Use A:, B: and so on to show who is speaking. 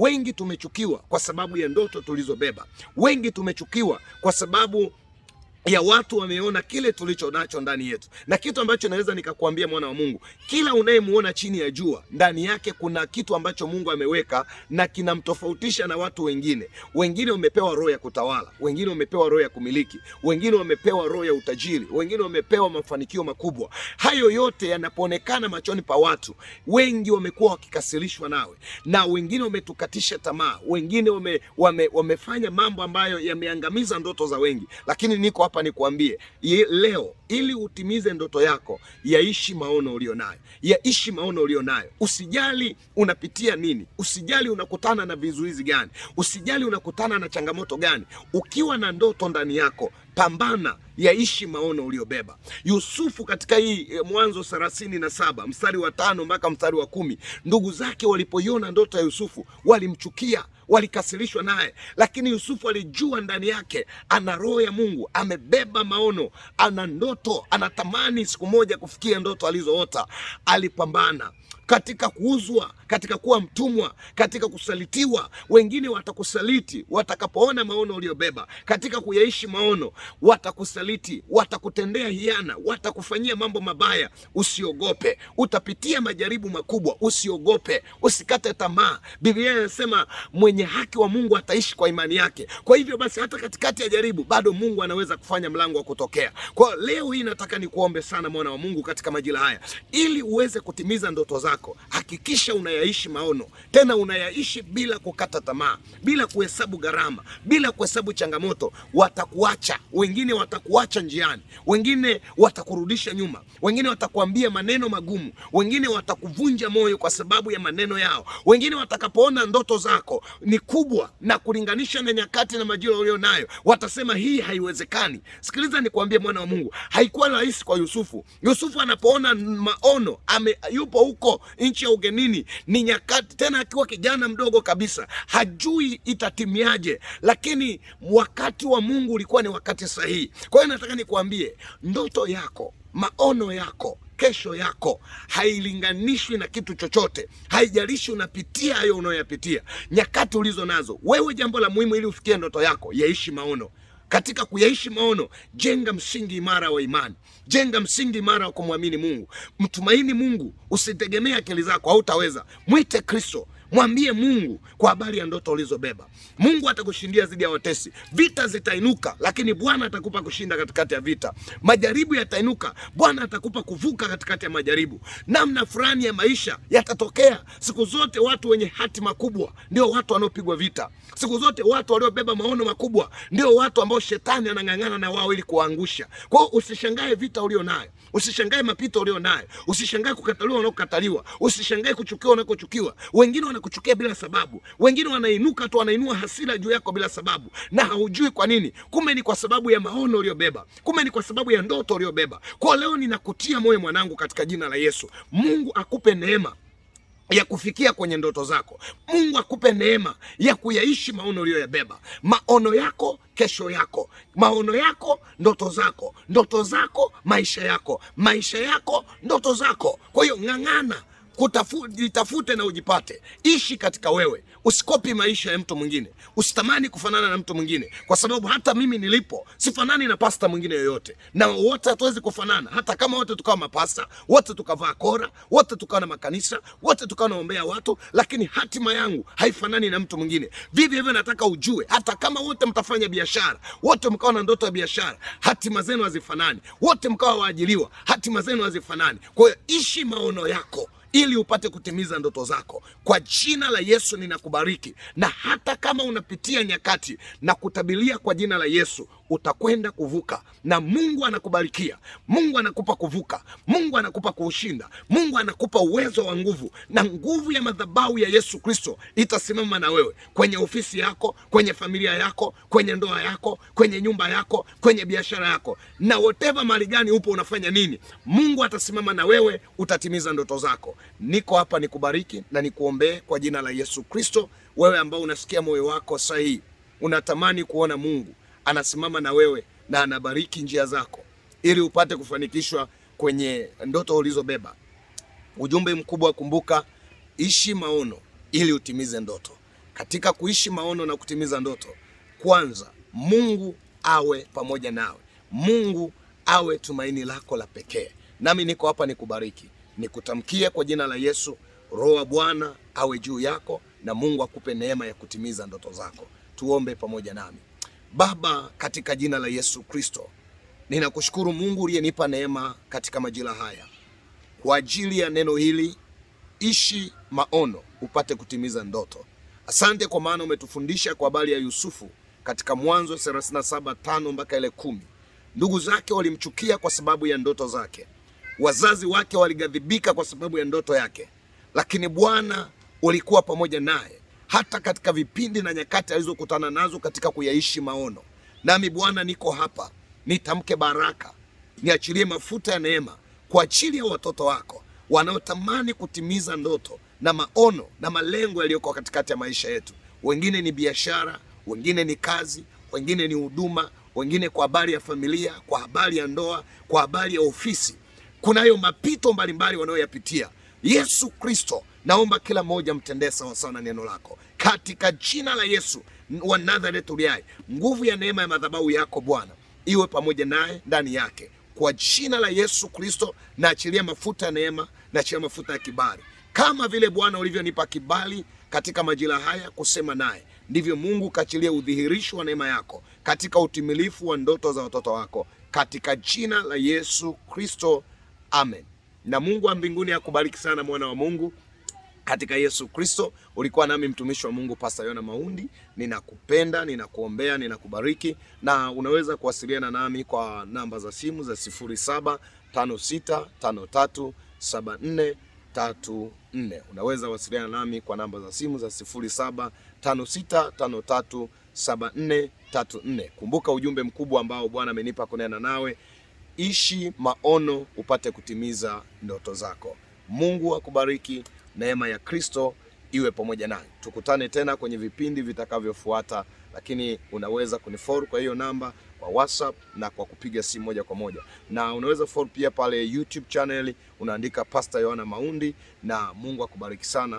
A: Wengi tumechukiwa kwa sababu ya ndoto tulizobeba. Wengi tumechukiwa kwa sababu ya watu wameona kile tulicho nacho ndani yetu, na kitu ambacho naweza nikakuambia mwana wa Mungu, kila unayemuona chini ya jua, ndani yake kuna kitu ambacho Mungu ameweka na kinamtofautisha na watu wengine. Wengine wamepewa roho ya kutawala, wengine wamepewa roho ya kumiliki, wengine wamepewa roho ya utajiri, wengine wamepewa mafanikio makubwa. Hayo yote yanapoonekana machoni pa watu wengi, wamekuwa wakikasirishwa nawe, na wengine wametukatisha tamaa, wengine wame, wame, wamefanya mambo ambayo yameangamiza ndoto za wengi, lakini niko hapa nikuambie leo, ili utimize ndoto yako, yaishi maono nayo yaishi maono ulio nayo Usijali unapitia nini, usijali unakutana na vizuizi gani, usijali unakutana na changamoto gani. Ukiwa na ndoto ndani yako, pambana yaishi maono uliobeba. Yusufu katika hii eh, Mwanzo thelathini na saba mstari wa tano mpaka mstari wa kumi ndugu zake walipoiona ndoto ya Yusufu walimchukia, walikasirishwa naye, lakini Yusufu alijua ndani yake ana roho ya Mungu, amebeba maono, ana ndoto, anatamani siku moja kufikia ndoto alizoota. Alipambana katika kuuzwa, katika kuwa mtumwa, katika kusalitiwa. Wengine watakusaliti watakapoona maono uliobeba, katika kuyaishi maono watakusaliti kukusaliti, watakutendea hiana, watakufanyia mambo mabaya, usiogope. Utapitia majaribu makubwa, usiogope, usikate tamaa. Biblia inasema mwenye haki wa Mungu ataishi kwa imani yake. Kwa hivyo basi, hata katikati ya jaribu bado Mungu anaweza kufanya mlango wa kutokea. Kwa leo hii nataka nikuombe sana mwana wa Mungu katika majira haya, ili uweze kutimiza ndoto zako, hakikisha unayaishi maono, tena unayaishi bila kukata tamaa, bila kuhesabu gharama, bila kuhesabu changamoto. Watakuacha wengine wataku watakuacha njiani, wengine watakurudisha nyuma, wengine watakuambia maneno magumu, wengine watakuvunja moyo kwa sababu ya maneno yao, wengine watakapoona ndoto zako ni kubwa na kulinganisha na nyakati na majira nayo watasema hii haiwezekani. Sikiliza nikuambie, mwana wa Mungu, haikuwa rahisi kwa Yusufu. Yusufu anapoona maono ame, yupo huko nchi ya ugenini, ni nyakati tena, akiwa kijana mdogo kabisa, hajui itatimiaje, lakini wakati wa Mungu ulikuwa ni wakati sahihi kwa kwa hiyo nataka nikuambie, ndoto yako, maono yako, kesho yako hailinganishwi na kitu chochote. Haijalishi unapitia hayo unayoyapitia, nyakati ulizo nazo wewe, jambo la muhimu ili ufikie ndoto yako, yaishi maono katika kuyaishi maono, jenga msingi imara wa imani, jenga msingi imara wa kumwamini Mungu. Mtumaini Mungu, usitegemee akili zako, hautaweza. Mwite Kristo. Mwambie Mungu kwa habari ya ndoto ulizobeba. Mungu atakushindia zidi ya watesi. Vita zitainuka, lakini Bwana atakupa kushinda katikati ya vita. Majaribu yatainuka, Bwana atakupa kuvuka katikati ya majaribu. Namna fulani ya maisha yatatokea. Siku zote watu wenye hatima kubwa ndio watu wanaopigwa vita. Siku zote watu waliobeba maono makubwa ndio watu ambao shetani anang'ang'ana na wao ili kuwaangusha. Kwa hiyo usishangae vita ulio nayo, usishangae mapito ulio nayo, usishangae kukataliwa unakokataliwa, usishangae kuchukiwa unakochukiwa. Wengine wana kuchukia bila sababu, wengine wanainuka tu, wanainua hasira juu yako bila sababu na haujui kwa nini. Kumbe ni kwa sababu ya maono uliyobeba, kumbe ni kwa sababu ya ndoto uliyobeba. Kwa leo ninakutia moyo mwanangu, katika jina la Yesu, Mungu akupe neema ya kufikia kwenye ndoto zako. Mungu akupe neema ya kuyaishi maono uliyoyabeba. Maono yako kesho yako, maono yako ndoto zako, ndoto zako maisha yako, maisha yako ndoto zako. Kwa hiyo ng'ang'ana, kutafu, jitafute na ujipate. Ishi katika wewe, usikopi maisha ya mtu mwingine, usitamani kufanana na mtu mwingine, kwa sababu hata mimi nilipo sifanani na pasta mwingine yoyote, na wote hatuwezi kufanana. Hata kama wote tukawa mapasta, wote tukavaa kora, wote tukawa na makanisa, wote tukawa naombea watu, lakini hatima yangu haifanani na mtu mwingine. Vivyo hivyo, nataka ujue, hata kama wote mtafanya biashara, wote mkawa na ndoto ya biashara, hatima zenu hazifanani. Wote mkawa waajiliwa, hatima zenu hazifanani. Kwa hiyo ishi maono yako ili upate kutimiza ndoto zako. Kwa jina la Yesu ninakubariki, na hata kama unapitia nyakati na kutabilia, kwa jina la Yesu utakwenda kuvuka, na Mungu anakubarikia, Mungu anakupa kuvuka, Mungu anakupa kuushinda, Mungu anakupa uwezo wa nguvu, na nguvu ya madhabahu ya Yesu Kristo itasimama na wewe kwenye ofisi yako, kwenye familia yako, kwenye ndoa yako, kwenye nyumba yako, kwenye biashara yako, na whatever mali gani upo unafanya nini, Mungu atasimama na wewe, utatimiza ndoto zako. Niko hapa nikubariki na nikuombee kwa jina la Yesu Kristo. Wewe ambao unasikia moyo wako sahihi unatamani kuona Mungu anasimama na wewe na anabariki njia zako ili upate kufanikishwa kwenye ndoto ulizobeba. Ujumbe mkubwa, kumbuka, ishi maono ili utimize ndoto. Katika kuishi maono na kutimiza ndoto, kwanza Mungu awe pamoja nawe, Mungu awe tumaini lako la pekee. Nami niko hapa nikubariki, nikutamkie kwa jina la Yesu, Roho wa Bwana awe juu yako na Mungu akupe neema ya kutimiza ndoto zako. Tuombe pamoja nami. Baba, katika jina la Yesu Kristo, ninakushukuru Mungu uliyenipa neema katika majira haya kwa ajili ya neno hili ishi maono upate kutimiza ndoto. Asante kwa maana umetufundisha kwa habari ya Yusufu katika Mwanzo 37:5 mpaka ile kumi. Ndugu zake walimchukia kwa sababu ya ndoto zake, wazazi wake waligadhibika kwa sababu ya ndoto yake, lakini Bwana ulikuwa pamoja naye hata katika vipindi na nyakati alizokutana nazo katika kuyaishi maono. Nami Bwana niko hapa, nitamke baraka, niachilie mafuta ya neema kwa ajili ya watoto wako wanaotamani kutimiza ndoto na maono na malengo yaliyoko katikati ya maisha yetu. Wengine ni biashara, wengine ni kazi, wengine ni huduma, wengine kwa habari ya familia, kwa habari ya ndoa, kwa habari ya ofisi. Kunayo mapito mbalimbali wanayoyapitia. Yesu Kristo Naomba kila mmoja mtendee sawasawa na neno lako katika jina la Yesu wa Nazareth uliaye. Nguvu ya neema ya madhabahu yako Bwana iwe pamoja naye ndani yake, kwa jina la Yesu Kristo. Naachilia mafuta ya neema, naachilia mafuta ya kibali, kama vile Bwana ulivyonipa kibali katika majira haya kusema naye, ndivyo Mungu kaachilia udhihirisho wa neema yako katika utimilifu wa ndoto za watoto wako katika jina la Yesu Kristo, amen. Na Mungu wa mbinguni akubariki sana, mwana wa Mungu katika Yesu Kristo. Ulikuwa nami mtumishi wa Mungu Pastor Yona Maundi. Ninakupenda, ninakuombea, ninakubariki na unaweza kuwasiliana nami kwa namba za simu za 0756537434. Unaweza wasiliana nami kwa namba za simu za 0756537434. Kumbuka ujumbe mkubwa ambao Bwana amenipa kunena nawe. Ishi maono upate kutimiza ndoto zako. Mungu akubariki. Neema ya Kristo iwe pamoja nanyi. Tukutane tena kwenye vipindi vitakavyofuata, lakini unaweza kunifollow kwa hiyo namba kwa WhatsApp na kwa kupiga simu moja kwa moja, na unaweza follow pia pale YouTube channel unaandika Pastor Yohana Maundi, na Mungu akubariki sana.